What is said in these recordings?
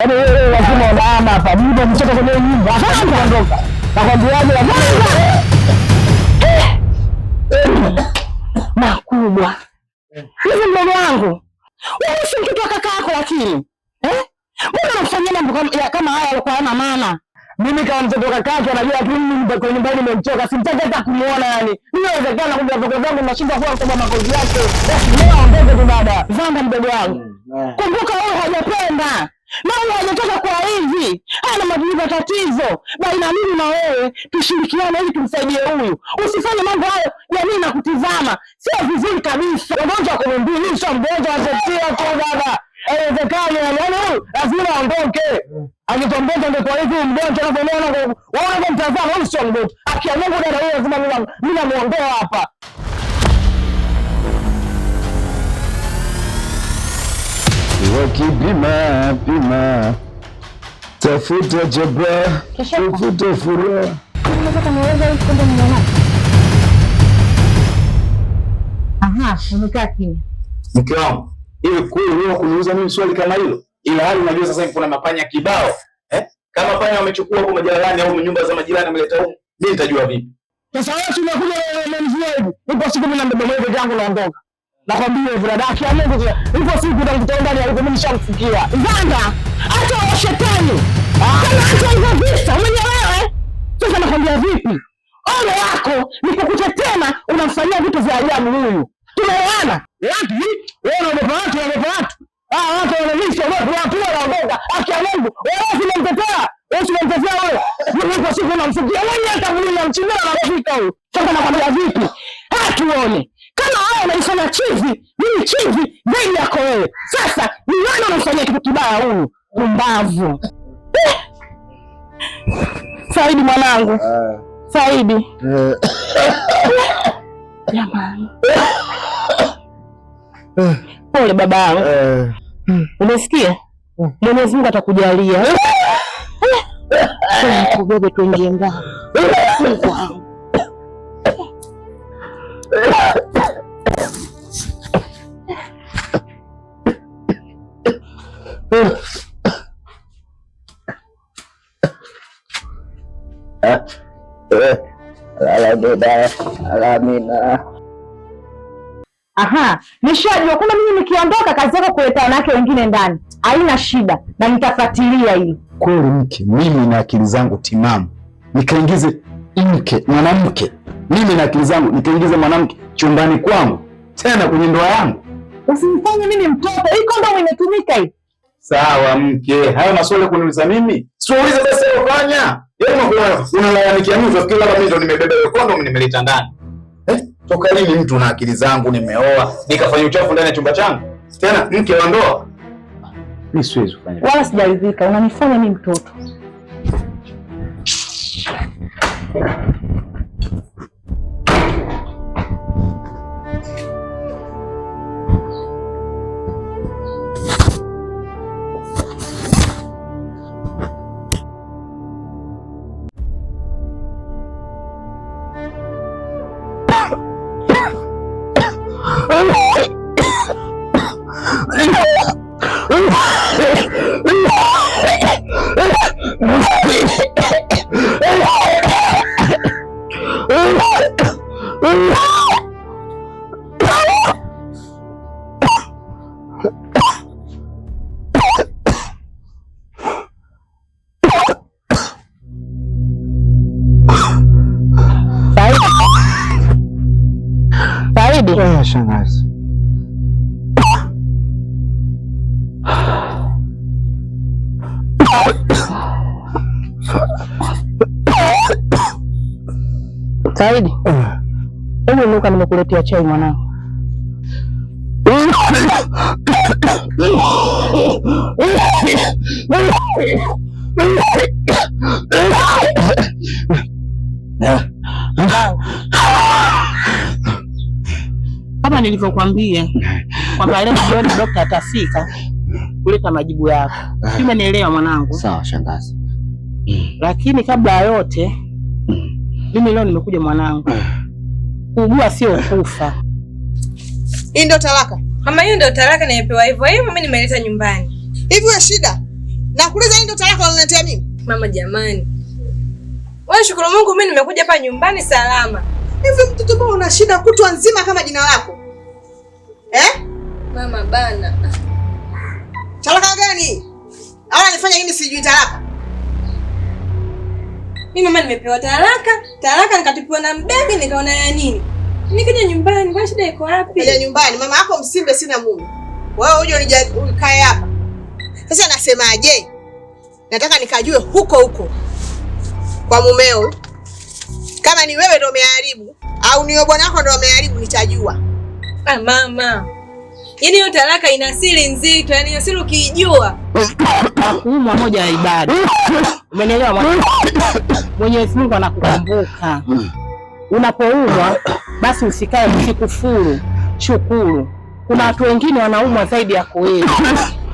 Yaani wewe lazima ah. unaama hapa. Mimi nimetoka kwenye nyumba, naondoka. Nakwambiaje lazima eh. makubwa. Hivi mdogo wangu. Wewe si mtoto wa kaka yako lakini. Eh? Mbona unamfanyia mambo kama haya alikuwa hana maana? Mimi kama mtoto kaka yake anajua lakini mimi kwenye nyumba nimemchoka. Simtaki hata kumuona yani. Inawezekana kumbe viboko vyangu nashinda kwa sababu makozi yake. Leo ondoke tu dada. Vanda mdogo wangu. Hmm, eh. Kumbuka wewe hajapenda. Mama ametoka kwa hivi, ana matatizo baina ya mimi na wewe, tushirikiane ili tumsaidie huyu. Usifanye mambo hayo ya mimi na sio vizuri kabisa. kwa mimi ni sio mgonjwa azetia kwa baba, haiwezekani. Yani huyu lazima aondoke, akitombeza ndio kwa hivi mgonjwa anavyoona. Wewe unamtazama huyu sio mgonjwa, akia dada, huyu lazima mimi namuondoa hapa. wakipima pima, tafuta jaba, tafuta furaha. mke wangu, hivi kweli wewe kuniuliza mimi swali kama hilo, ila hali unajua sasa hivi kuna mapanya kibao eh? Kama panya wamechukua huko majalalani au nyumba za majirani wameleta huko, mimi nitajua vipi? Sasa wewe unakuja na hivi, upo siku mimi na mdomo wangu naondoka Nakwambia hivyo dada, akia Mungu, hivyo siku utakutana ndani ya mimi nishamfikia. Nganga, hata wa shetani. Ah. Kama hata hivyo visa, mwenye wewe! Sasa nakwambia vipi? Ole yako, nikukuta tena unamfanyia vitu vya ajabu huyu. Tumeoana? Wapi? Wewe unaogopa watu, unaogopa watu. Ah, watu wananisha, watu watu wanaogopa. Aki Akia Mungu, wewe unamtetea. Wewe unamtetea wewe. Mimi kwa siku namfikia. Wewe hata mlima mchinao anafika huyu. Sasa nakwambia vipi? Hatuone. Kama wewe unaifanya chizi, mimi chizi zaidi yako wewe. Sasa ni nani anamfanyia kitu kibaya huyu pumbavu? Eh. Saidi mwanangu, ah. Saidi eh. jamani, eh. pole baba yangu, umesikia? Hmm. Mwenyezi Mungu atakujalia. Kubebe tuingie ndani. Buda Alamina. Aha, nishajua. Kumbe mimi nikiondoka, kazi yako kuleta wanawake wengine ndani. Haina shida, na nitafuatilia hili kweli. Mke mimi na akili zangu timamu nikaingize mke mwanamke, mimi na akili zangu nikaingize mwanamke chumbani kwangu, tena kwenye ndoa yangu? Usinifanye mimi mtoto. Hii kondomu imetumika hii. Sawa mke, hayo maswali kuniuliza mimi, Siuliza sasa, ufanya Yaani unalalamikia mimi unafikiri labda mimi ndo nimebeba hiyo kondomu nimeleta ndani eh? Toka lini mtu na akili zangu nimeoa nikafanya uchafu ndani ya chumba changu tena mke wa ndoa? Mimi siwezi kufanya wala sijaridhika, unanifanya mimi mtoto うん Saidi, hebu nuka nimekuletea chai mwanangu. Kama nilivyokwambia kwamba leo jioni dokta atafika kuleta majibu yako. Ah. Sijui umenielewa mwanangu? Sawa shangazi. Hmm. Hmm. Lakini kabla ya yote, hmm. mimi leo nimekuja mwanangu, ah. kuugua sio kufa. Hii ndio talaka mama, hiyo ndio talaka nimepewa hivyo hivyo, mimi nimeleta nyumbani hivyo shida. Nakuuliza, hii ndio talaka unaletea mimi? Mama jamani, wewe shukuru Mungu, mimi nimekuja hapa nyumbani salama. Hivi mtoto mbona una shida kutwa nzima kama jina lako eh? Mama bana Talaka gani? Au anafanya nini sijui talaka? Mimi mama nimepewa talaka, talaka nikatupiwa na mbebe nikaona ya nini? Nikija nyumbani kwa shida iko wapi? Kaja nyumbani mama yako msimbe sina mume. Wewe uje unikae hapa. Sasa nasemaje? Nataka nikajue huko huko kwa mumeo kama ni wewe ndio umeharibu au ni bwana wako ndio umeharibu, nitajua. Ah, mama Yaani hiyo talaka ina siri nzito, yaani hiyo siri ukiijua. Kuumwa moja ya ibada. Umenielewa? Mwenyezi Mungu anakukumbuka. Unapoumwa basi usikae usikufuru, shukuru. Kuna watu wengine wanaumwa zaidi yako wewe.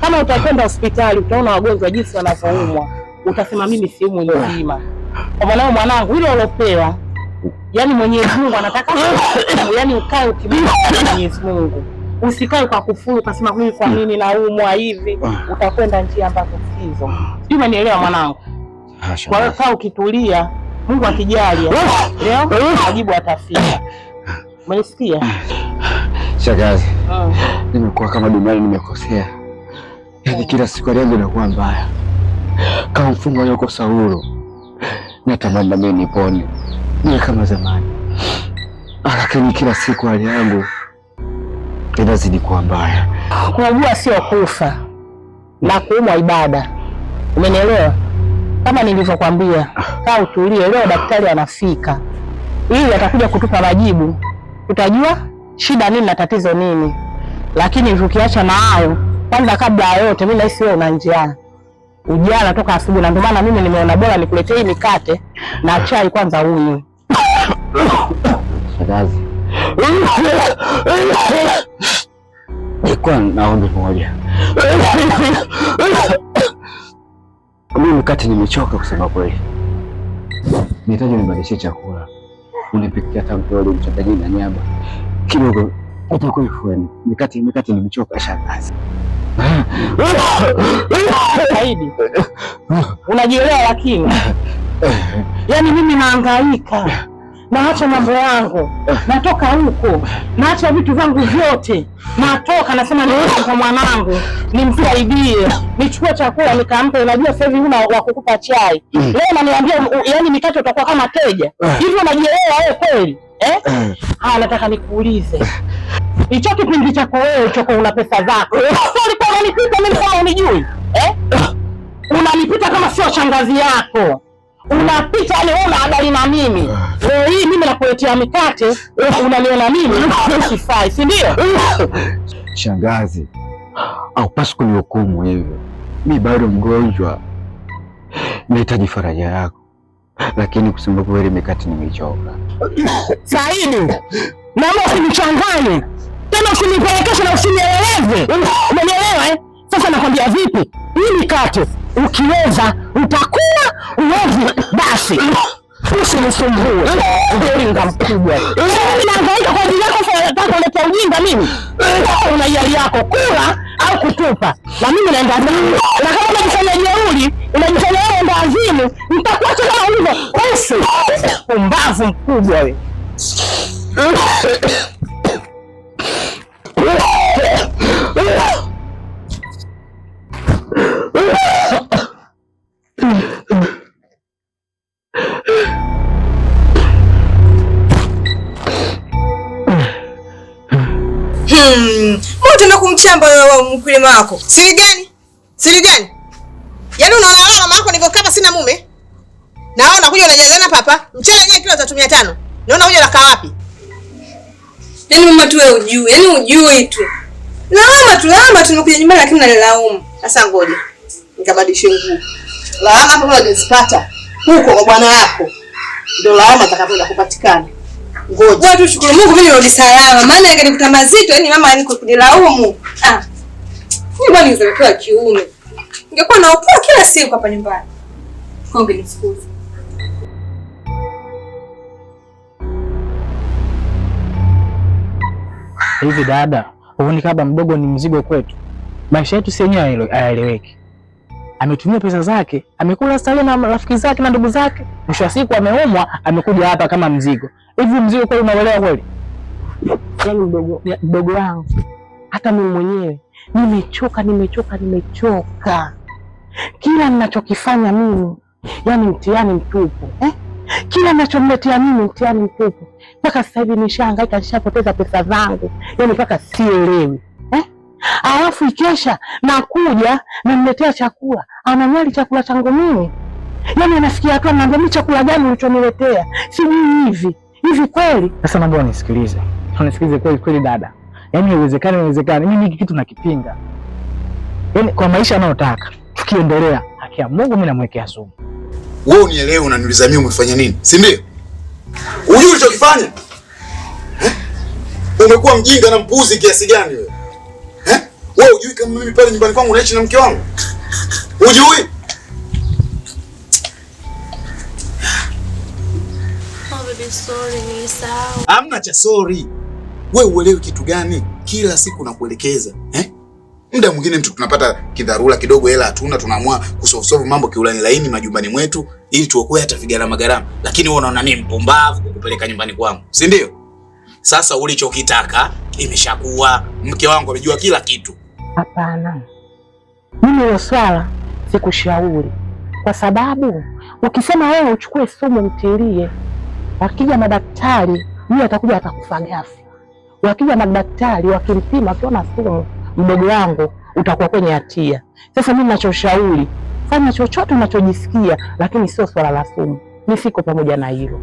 Kama utakwenda hospitali utaona wagonjwa jinsi wanavyoumwa, utasema mimi siumwi mzima. Kwa maana mwanangu, ile ulopewa, yani Mwenyezi Mungu anataka yani ukae ukimwomba Mwenyezi Mungu. Usikae kwa kufuru ukasema mimi kwa hmm. nini naumwa hivi, ah. utakwenda njia ambazo sizo. Sijui ah. umenielewa mwanangu? Ah, kwa hiyo kaa ukitulia, Mungu akijali leo majibu atafika. Umenisikia? Shagazi, nimekuwa kama duniani nimekosea, yaani kila siku hali yangu inakuwa mbaya kama mfungo aliyokosa huru. Natamani na mimi nipone niwe kama zamani, lakini kila siku hali yangu inazidi kuwa mbaya. Unajua sio kufa na kuumwa ibada, umenielewa? Kama nilivyokwambia, kaa utulie, leo daktari anafika ili atakuja kutupa majibu, tutajua shida nini na tatizo nini. Lakini ukiacha na hayo, kwanza kabla ya yote, mimi nahisi wewe una njaa ujana toka asubuhi, na ndio maana mimi nimeona bora nikuletee hii mikate na chai kwanza unywe. Nilikuwa na ombi moja. Mimi kati nimechoka kusema kweli. Nihitaji unibadilishie chakula. Unipikia hata mtoli mchanganyike na nyama. Kidogo utakuwa ifweni. Mikati mikati nimechoka shangazi. Saidi. Unajielewa lakini. Yaani mimi naangaika naacha mambo yangu, natoka huko, naacha vitu vyangu vyote, natoka. Nasema niishi kwa mwanangu, nimsaidie, nichukue chakula nikampe. Unajua sasa hivi huna wa kukupa chai mm. Leo naniambia yani mikate utakuwa kama teja eh. hivi, unajielewa wewe kweli eh? eh? Haya, nataka nikuulize hicho kipindi chako wewe choko, una pesa zako eh. ulikuwa unanipita mimi kama unijui eh? unanipita kama sio shangazi yako unapita yani, una habari na mimi ah. leo hii mimi nakuletea mikate unaniona mimi sifai, si ndio? Shangazi, haupaswi kunihukumu hivyo. Mi bado mgonjwa, nahitaji faraja yako, lakini kusema kweli mikate nimechoka. Saidi, naomba usinichanganye tena, usinipelekeshe na usinieleze, umenielewa eh? Sasa nakwambia vipi, hii mikate ukiweza utakula uovu basi usinisumbue ulinga mkubwa. Nahangaika kwa ajili yako, nataka kuleta ujinga mimi. Una hiari yako kula au kutupa, na mimi naenda zangu, na kama unajifanya jeuri, unajifanya wewe ndo azimu, nitakuacha kama ulivyo. Usi umbavu mkubwa wewe. Hmm, mbona utaenda kumchamba mkulima wako? Siri gani? Siri gani? Yaani unaona mama yako kama sina mume? Na wewe unakuja unajaliana papa. Mchele yenyewe kilo cha 500. Naona huja laka wapi? Yaani mama tu wewe ujue. Yaani ujue tu. Laama tu, laama tumekuja nyumbani lakini nalilaumu. Sasa ngoja. Nikabadilishe nguo. Laama kama unazipata huko kwa bwana yako. Ndio laama atakapoenda kupatikana. Ngoja Mungu mimi nirudi salama. Maana mazito, yani mama yani kunilaumu. Ah. Mimi bwana kiume. Ningekuwa kila siku hapa nyumbani. Hivi dada, huoni kaba mdogo ni mzigo kwetu? Maisha yetu si yenyewe hayaeleweki. Ametumia pesa zake, amekula starehe na rafiki zake na ndugu zake. Mwisho wa siku ameumwa, amekuja hapa kama mzigo hivi mzigo kweli unaelewa kweli? Yaani mdogo mdogo wangu, hata mimi mwenyewe nimechoka, nimechoka, nimechoka. Kila ninachokifanya mimi yani mtihani mtupu eh? Kila ninachomletea mimi mtihani mtupu. Mpaka sasa hivi nishahangaika, nishapoteza pesa zangu, yaani mpaka sielewi eh? Alafu ikesha nakuja namletea chakula, ananyali chakula changu mimi, yaani anafikia hatua naambia mi chakula gani ulichoniletea, sijui hivi hivi kweli? Sasa naomba unisikilize, unisikilize kweli kweli dada, yaani haiwezekani, haiwezekani. Mimi hiki kitu nakipinga, yaani kwa maisha anayotaka tukiendelea, haki ya Mungu mimi namwekea sumu. Wewe unielewe, unaniuliza mimi umefanya nini, si ndio? Hujui ulichokifanya eh? Umekuwa mjinga na mpuzi kiasi gani wewe eh? Wewe hujui kama mimi pale nyumbani kwangu naishi na mke wangu, hujui sorry, sorry, ni sawa. Hamna cha sorry. Wewe uelewi kitu gani? Kila siku nakuelekeza eh? Muda mwingine mtu tunapata kidharura kidogo, hela hatuna, tunaamua kusolve mambo kiulani laini majumbani mwetu ili tuokoe hata vigarama garama, lakini wewe unaona mimi mpumbavu kukupeleka nyumbani kwangu, si ndio? Sasa ulichokitaka imeshakuwa, mke wangu amejua kila kitu. Hapana, mimi hilo swala sikushauri, kwa sababu ukisema wewe uchukue sumu mtilie Wakija madaktari, huyu atakuja atakufa ghafla. Wakija madaktari wakimpima, wakiona sumu, mdogo wangu utakuwa kwenye hatia. Sasa mimi ninachoshauri, fanya chochote unachojisikia, lakini sio swala la sumu. Mimi siko pamoja na hilo.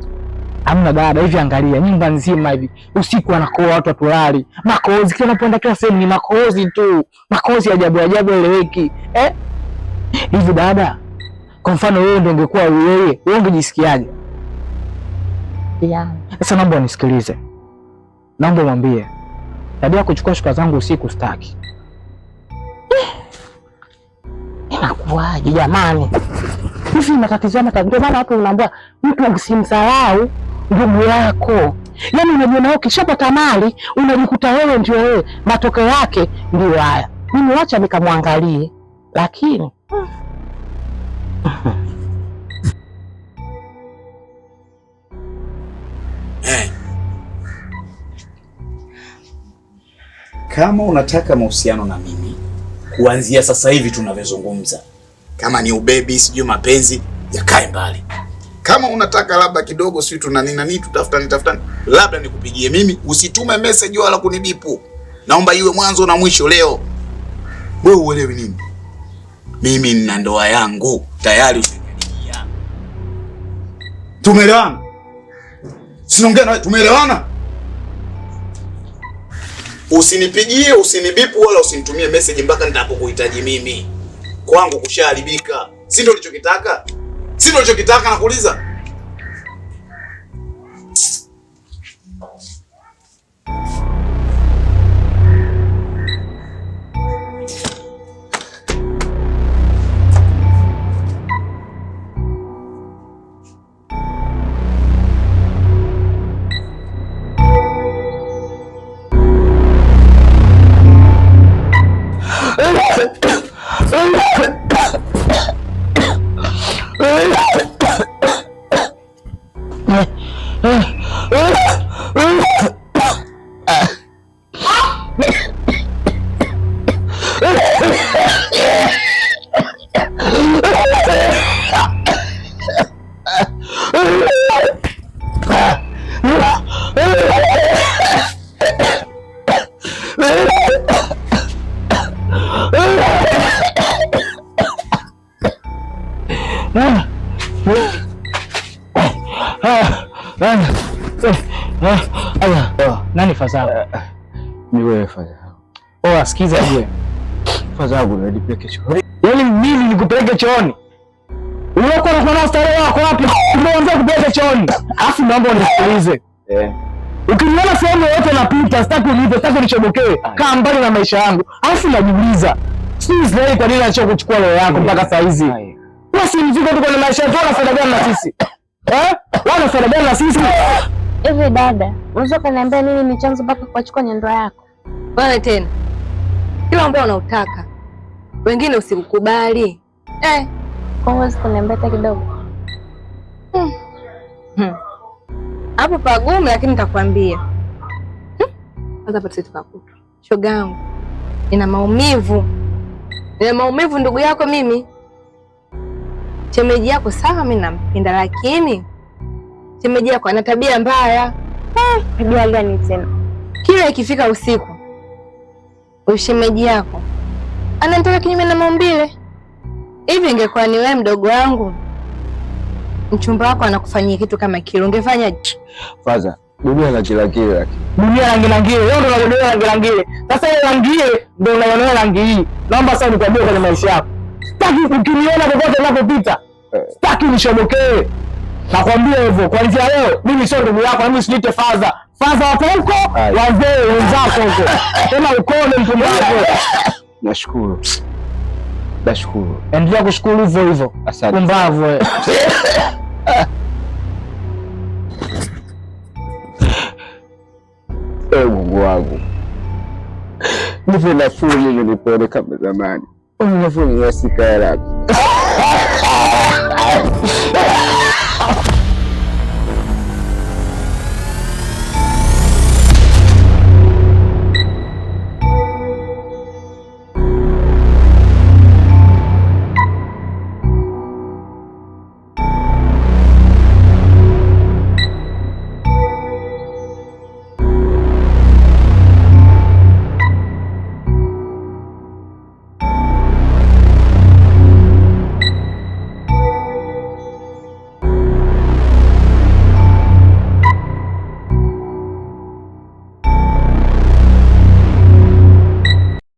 Hamna dada, hivi angalia nyumba nzima hivi, usiku anakoa watu atulali, makozi kila unapoenda, kila sehemu ni makozi tu, makozi ajabu ajabu eleweki eh? Hivi dada, kwa mfano wewe ndio ungekuwa yeye, wewe ungejisikiaje? yangu. Sasa naomba unisikilize, naomba mwambie tabia kuchukua shuka zangu usiku staki. Eh, inakuwaje jamani? Hivi matatizama tabia. Ndio maana hapo unaambia mtu usimsahau ndugu yako. Yaani unajiona wewe ukishapata mali unajikuta wewe ndio wewe, matokeo yake ndio haya. Mimi wacha nikamwangalie, lakini hmm. Eh. Kama unataka mahusiano na mimi kuanzia sasa hivi tunavyozungumza, kama ni ubebi, sijui mapenzi, yakae mbali. Kama unataka labda kidogo, sijui tuna nini nini, tutafutani tafutani, labda nikupigie mimi, usitume message wala kunibipu. Naomba iwe mwanzo na mwisho leo. Wewe uelewi nini? Mimi nina ndoa yangu tayari. Tumeelewana? Sinaongea na tumeelewana. Usinipigie, usinibipu wala usinitumie message mpaka nitakapokuhitaji mimi. Kwangu kushaharibika. Si ndio ulichokitaka? Si ndio ulichokitaka nakuuliza? Bye. Nani fadhaa? Eh, ni wewe fadhaa. Oh, sikiza wewe. Fadhaa yangu chooni. Yaani mimi nikupeleke chooni? Unakuwa unafanya starehe yako wapi? Unaanza kupeleka chooni. Alafu naomba unisikilize. Eh. Ukiniona sehemu yoyote napita, sitaki unipe, sitaki unichobokee. Ah. Kaa mbali na maisha yangu. Alafu najiuliza, sijui Israeli kwa nini anachukua roho yako mpaka saa hizi? Wewe si mzigo tu kwa maisha yetu, unafanya gani na sisi? Eh? Wana faida na sisi. Hivi dada, unaweza kuniambia nini ni chanzo mpaka kuachukua nyendo yako? Bwana tena. Kila ambao unautaka. Wengine usikukubali. Eh. Kwa hiyo kuniambia hata kidogo. Hmm. Hmm. Hapo pagumu lakini nitakwambia. Hmm. Kwanza pati tukakuta. Shogangu. Ina maumivu. ina maumivu ndugu yako mimi. Shemeji yako sawa, mimi nampenda, lakini shemeji yako ana tabia mbaya. Eh, tabia gani tena? Kila ikifika usiku ushemeji yako ananitoka kinyume na maumbile. Hivi ingekuwa ni wewe mdogo wangu, mchumba wako anakufanyia kitu kama kile, ungefanya faza? Dunia na kila kile, dunia rangi rangi, wewe ndio unagodea rangi rangi. Sasa ile rangi ndio unaona rangi hii. Naomba sasa nikwambie kwenye maisha yako Sitaki ukiniona popote unapopita, eh. Sitaki unishobokee. Nakwambia hivyo. Kuanzia leo mimi sio ndugu yako, mimi sijiite faza. Faza wako huko, wazee wenzako huko. Tena ukone wako. Nashukuru. Nashukuru. Endelea kushukuru hivyo hivyo. Asante. Pumbavu wewe. Eh, Mungu wangu. Nipe nafuu, nilipone kama zamani. Eu não conheço, caralho.